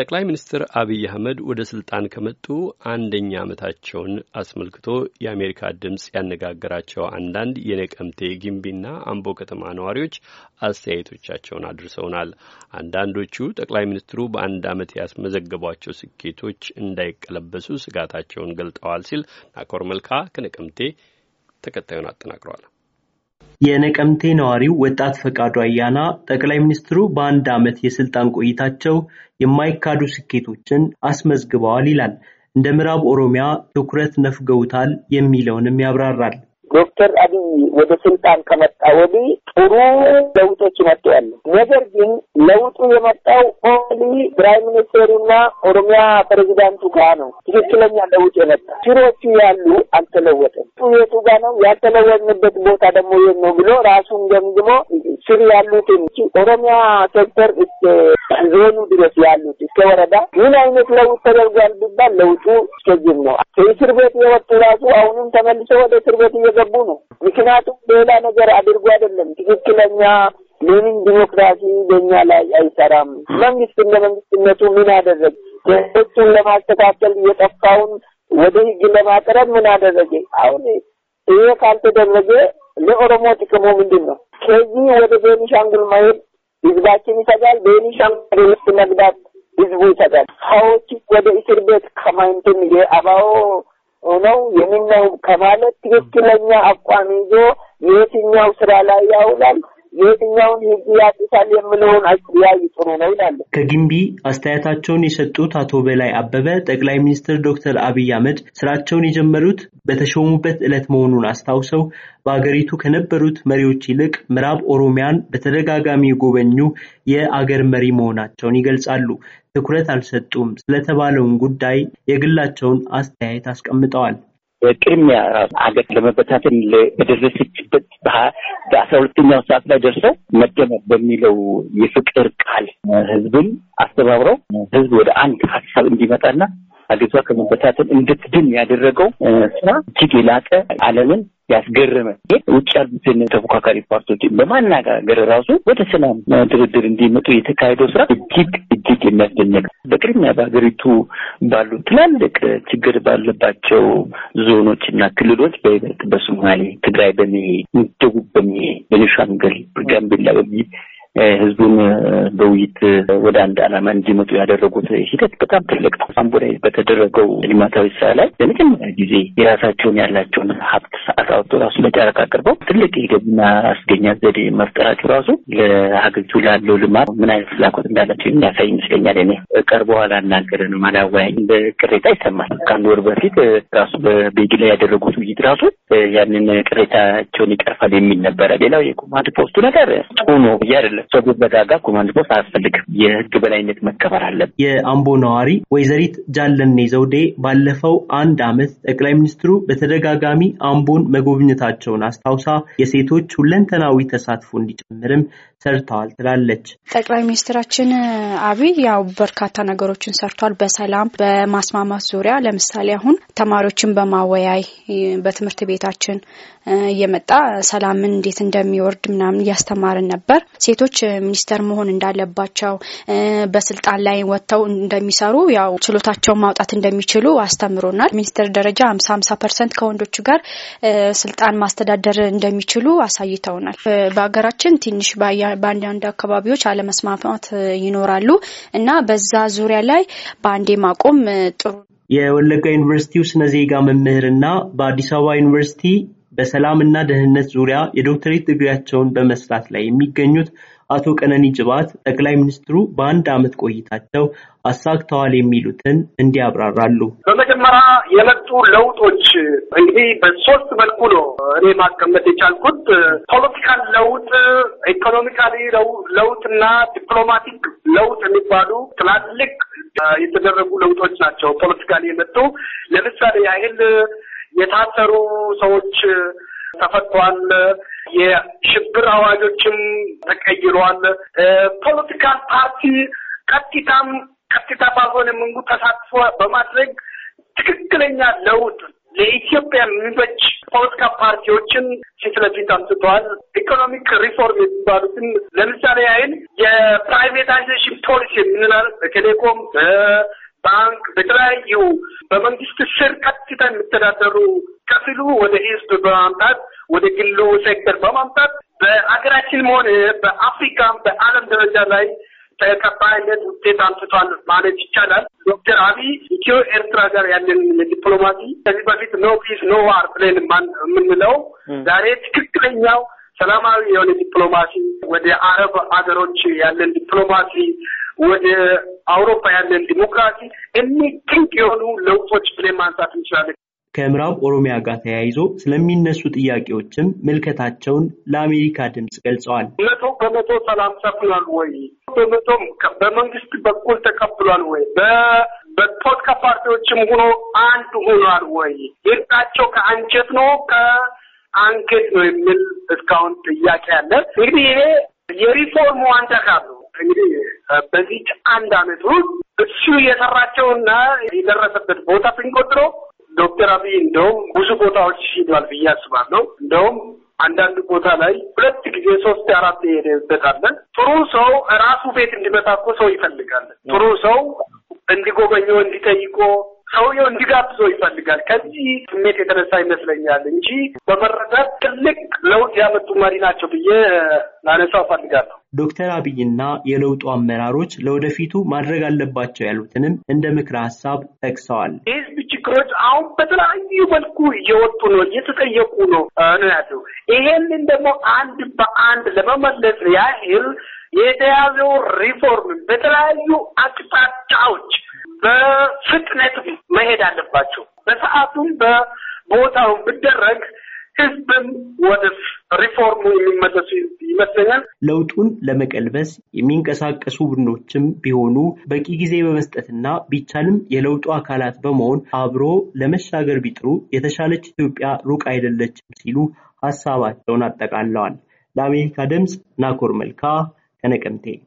ጠቅላይ ሚኒስትር አብይ አህመድ ወደ ስልጣን ከመጡ አንደኛ ዓመታቸውን አስመልክቶ የአሜሪካ ድምፅ ያነጋገራቸው አንዳንድ የነቀምቴ ጊምቢና አምቦ ከተማ ነዋሪዎች አስተያየቶቻቸውን አድርሰውናል። አንዳንዶቹ ጠቅላይ ሚኒስትሩ በአንድ ዓመት ያስመዘገቧቸው ስኬቶች እንዳይቀለበሱ ስጋታቸውን ገልጠዋል ሲል ናኮር መልካ ከነቀምቴ ተከታዩን አጠናቅረዋል። የነቀምቴ ነዋሪው ወጣት ፈቃዱ አያና ጠቅላይ ሚኒስትሩ በአንድ ዓመት የስልጣን ቆይታቸው የማይካዱ ስኬቶችን አስመዝግበዋል ይላል። እንደ ምዕራብ ኦሮሚያ ትኩረት ነፍገውታል የሚለውንም ያብራራል። ዶክተር አብይ ወደ ስልጣን ከመጣ ወዲህ ጥሩ ለውጦች መጥተዋል። ነገር ግን ለውጡ የመጣው ኦንሊ ፕራይም ሚኒስቴሩና ኦሮሚያ ፕሬዚዳንቱ ጋር ነው። ትክክለኛ ለውጥ የመጣ ሽሮቹ ያሉ አልተለወጠም። የቱ ጋ ነው ያልተለወጥንበት ቦታ ደግሞ የት ነው ብሎ ራሱን ገምግሞ ስር ያሉትን ኦሮሚያ ሴክተር እስከ ዞኑ ድረስ ያሉት እስከ ወረዳ ምን አይነት ለውጥ ተደርጓል ቢባል ለውጡ እስከዚህም ነው። ከእስር ቤት የወጡ ራሱ አሁንም ተመልሶ ወደ እስር ቤት እየገቡ ነው። ምክንያቱም ሌላ ነገር አድርጎ አይደለም። ትክክለኛ ሌኒን ዲሞክራሲ በኛ ላይ አይሰራም። መንግስት እንደ መንግስትነቱ ምን አደረግ ህጎቹን ለማስተካከል እየጠፋውን ወደ ህግ ለማቅረብ ምን አደረገ? አሁን ይሄ ካልተደረገ ለኦሮሞ ጥቅሙ ምንድን ነው? ከዚህ ወደ ቤኒሻንጉል መሄድ ህዝባችን ይሰጋል። ቤኒሻንጉል ውስጥ መግባት ህዝቡ ይሰጋል። ሰዎች ወደ እስር ቤት ከማንትን የአባው ነው የምናው ከማለት ትክክለኛ አቋም ይዞ የትኛው ስራ ላይ ያውላል የትኛውን ህግ ያጥሳል የምለውን አስተያይ ጥሩ ነው ይላሉ። ከግንቢ አስተያየታቸውን የሰጡት አቶ በላይ አበበ ጠቅላይ ሚኒስትር ዶክተር አብይ አህመድ ስራቸውን የጀመሩት በተሾሙበት ዕለት መሆኑን አስታውሰው በአገሪቱ ከነበሩት መሪዎች ይልቅ ምዕራብ ኦሮሚያን በተደጋጋሚ የጎበኙ የአገር መሪ መሆናቸውን ይገልጻሉ። ትኩረት አልሰጡም ስለተባለውን ጉዳይ የግላቸውን አስተያየት አስቀምጠዋል። ቅድሚያ ራሱ አገር ለመበታተን በደረሰችበት በአስራ ሁለተኛው ሰዓት ላይ ደርሰው መደመር በሚለው የፍቅር ቃል ህዝብን አስተባብረው ህዝብ ወደ አንድ ሀሳብ እንዲመጣና አገቷ ከመበታተን እንድትድን ያደረገው ስራ እጅግ የላቀ ዓለምን ያስገረመ ውጭ ያሉትን ተፎካካሪ ፓርቲዎች በማነጋገር ራሱ ወደ ሰላም ድርድር እንዲመጡ የተካሄደው ስራ እጅግ እጅግ የሚያስደንቅ በቅድሚያ በሀገሪቱ ባሉ ትላልቅ ችግር ባለባቸው ዞኖች እና ክልሎች በይበልጥ በሶማሌ፣ ትግራይ በሚሄድ ደቡብ በሚሄድ በኒሻንገል ጋምቤላ በሚ ህዝቡን በውይይት ወደ አንድ አላማ እንዲመጡ ያደረጉት ሂደት በጣም ትልቅ ነው። አምቦ ላይ በተደረገው ልማታዊ ስራ ላይ ለመጀመሪያ ጊዜ የራሳቸውን ያላቸውን ሀብት ሰዓት አውጥቶ ራሱ ለጨረቃ አቅርበው ትልቅ የገቢና አስገኛ ዘዴ መፍጠራቸው ራሱ ለሀገሪቱ ላለው ልማት ምን አይነት ፍላጎት እንዳላቸው የሚያሳይ ይመስለኛል። እኔ ቀርበው አላናገረንም፣ አላወያየንም ቅሬታ ይሰማል። ከአንድ ወር በፊት ራሱ በቤጊ ላይ ያደረጉት ውይይት ራሱ ያንን ቅሬታቸውን ይቀርፋል የሚል ነበረ። ሌላው የኮማንድ ፖስቱ ነገር ጥሩ ነው ብዬ አይደለም ሰጉድ በዳጋ ኮማንድ ፖስት አያስፈልግም። የህግ በላይነት መከበር አለብን። የአምቦ ነዋሪ ወይዘሪት ጃለኔ ዘውዴ ባለፈው አንድ አመት ጠቅላይ ሚኒስትሩ በተደጋጋሚ አምቦን መጎብኘታቸውን አስታውሳ የሴቶች ሁለንተናዊ ተሳትፎ እንዲጨምርም ሰርተዋል ትላለች። ጠቅላይ ሚኒስትራችን አብይ ያው በርካታ ነገሮችን ሰርቷል። በሰላም በማስማማት ዙሪያ ለምሳሌ አሁን ተማሪዎችን በማወያይ በትምህርት ቤታችን እየመጣ ሰላምን እንዴት እንደሚወርድ ምናምን እያስተማርን ነበር። ሴቶች ሚኒስተር መሆን እንዳለባቸው በስልጣን ላይ ወጥተው እንደሚሰሩ ያው ችሎታቸውን ማውጣት እንደሚችሉ አስተምሮናል። ሚኒስተር ደረጃ ሀምሳ ሀምሳ ፐርሰንት ከወንዶቹ ጋር ስልጣን ማስተዳደር እንደሚችሉ አሳይተውናል። በሀገራችን ትንሽ ባያ በአንዳንድ አካባቢዎች አለመስማማት ይኖራሉ እና በዛ ዙሪያ ላይ በአንዴ ማቆም ጥሩ የወለጋ ዩኒቨርሲቲው ስነ ዜጋ መምህርና በአዲስ አበባ ዩኒቨርሲቲ በሰላም እና ደህንነት ዙሪያ የዶክተሬት ድግሪያቸውን በመስራት ላይ የሚገኙት አቶ ቀነኒ ጭባት ጠቅላይ ሚኒስትሩ በአንድ ዓመት ቆይታቸው አሳክተዋል የሚሉትን እንዲያብራራሉ። በመጀመሪያ የመጡ ለውጦች እንግዲህ በሶስት መልኩ ነው እኔ ማስቀመጥ የቻልኩት ፖለቲካል ለውጥ፣ ኢኮኖሚካሊ ለውጥና ዲፕሎማቲክ ለውጥ የሚባሉ ትላልቅ የተደረጉ ለውጦች ናቸው። ፖለቲካሊ የመጡ ለምሳሌ ያህል የታሰሩ ሰዎች ተፈቷል። የሽብር አዋጆችም ተቀይሯል ፖለቲካል ፓርቲ ቀጥታም ቀጥታ ባልሆነ ምንጉ ተሳትፎ በማድረግ ትክክለኛ ለውጥ ለኢትዮጵያ የሚበጅ ፖለቲካ ፓርቲዎችን ፊት ለፊት አንስተዋል። ኢኮኖሚክ ሪፎርም የሚባሉትን ለምሳሌ ያህል የፕራይቬታይዜሽን ፖሊሲ የምንላል በቴሌኮም፣ በባንክ፣ በተለያዩ በመንግስት ስር ቀጥታ የሚተዳደሩ ከፊሉ ወደ ህዝብ በማምጣት ወደ ግሉ ሴክተር በማምጣት በሀገራችን ሆነ በአፍሪካም በዓለም ደረጃ ላይ ተቀባይነት ውጤት አምጥቷል ማለት ይቻላል። ዶክተር አብይ ኢትዮ ኤርትራ ጋር ያለን ዲፕሎማሲ ከዚህ በፊት ኖ ፒስ ኖ ዋር ብለን የምንለው ዛሬ ትክክለኛው ሰላማዊ የሆነ ዲፕሎማሲ ወደ አረብ ሀገሮች ያለን ዲፕሎማሲ ወደ አውሮፓ ያለን ዲሞክራሲ እኒ ድንቅ የሆኑ ለውጦች ብለን ማንሳት እንችላለን። ከምዕራብ ኦሮሚያ ጋር ተያይዞ ስለሚነሱ ጥያቄዎችም ምልከታቸውን ለአሜሪካ ድምፅ ገልጸዋል። መቶ በመቶ ሰላም ሰፍኗል ወይ? በመቶም በመንግስት በኩል ተቀብሏል ወይ? በፖለቲካ ፓርቲዎችም ሆኖ አንድ ሆኗል ወይ? ይርቃቸው ከአንጀት ነው ከአንገት ነው የሚል እስካሁን ጥያቄ አለ። እንግዲህ ይሄ የሪፎርሙ አንድ አካል ነው። እንግዲህ በዚች አንድ አመት ውስጥ እሱ የሰራቸውና የደረሰበት ቦታ ብንቆጥረው ዶክተር አብይ እንደውም ብዙ ቦታዎች ሂዷል ብዬ አስባለሁ። እንደውም አንዳንድ ቦታ ላይ ሁለት ጊዜ ሶስት አራት የሄደበት አለ። ጥሩ ሰው ራሱ ቤት እንዲመጣ እኮ ሰው ይፈልጋል። ጥሩ ሰው እንዲጎበኘው እንዲጠይቆ ሰውየው እንዲጋብዘው ይፈልጋል። ከዚህ ስሜት የተነሳ ይመስለኛል እንጂ በመረዳት ትልቅ ለውጥ ያመጡ መሪ ናቸው ብዬ ላነሳው እፈልጋለሁ። ዶክተር አብይና የለውጡ አመራሮች ለወደፊቱ ማድረግ አለባቸው ያሉትንም እንደ ምክረ ሀሳብ ጠቅሰዋል። የህዝብ ችግሮች አሁን በተለያዩ መልኩ እየወጡ ነው፣ እየተጠየቁ ነው ነው ያለው። ይሄንን ደግሞ አንድ በአንድ ለመመለስ ያህል የተያዘው ሪፎርም በተለያዩ አቅጣጫዎች በፍጥነት መሄድ አለባቸው። በሰዓቱም በቦታው ብደረግ ህዝብም ወደ ሪፎርሙ የሚመለሱ ይመስለኛል። ለውጡን ለመቀልበስ የሚንቀሳቀሱ ቡድኖችም ቢሆኑ በቂ ጊዜ በመስጠትና ቢቻልም የለውጡ አካላት በመሆን አብሮ ለመሻገር ቢጥሩ የተሻለች ኢትዮጵያ ሩቅ አይደለችም ሲሉ ሀሳባቸውን አጠቃለዋል። ለአሜሪካ ድምፅ ናኮር መልካ ከነቀምቴ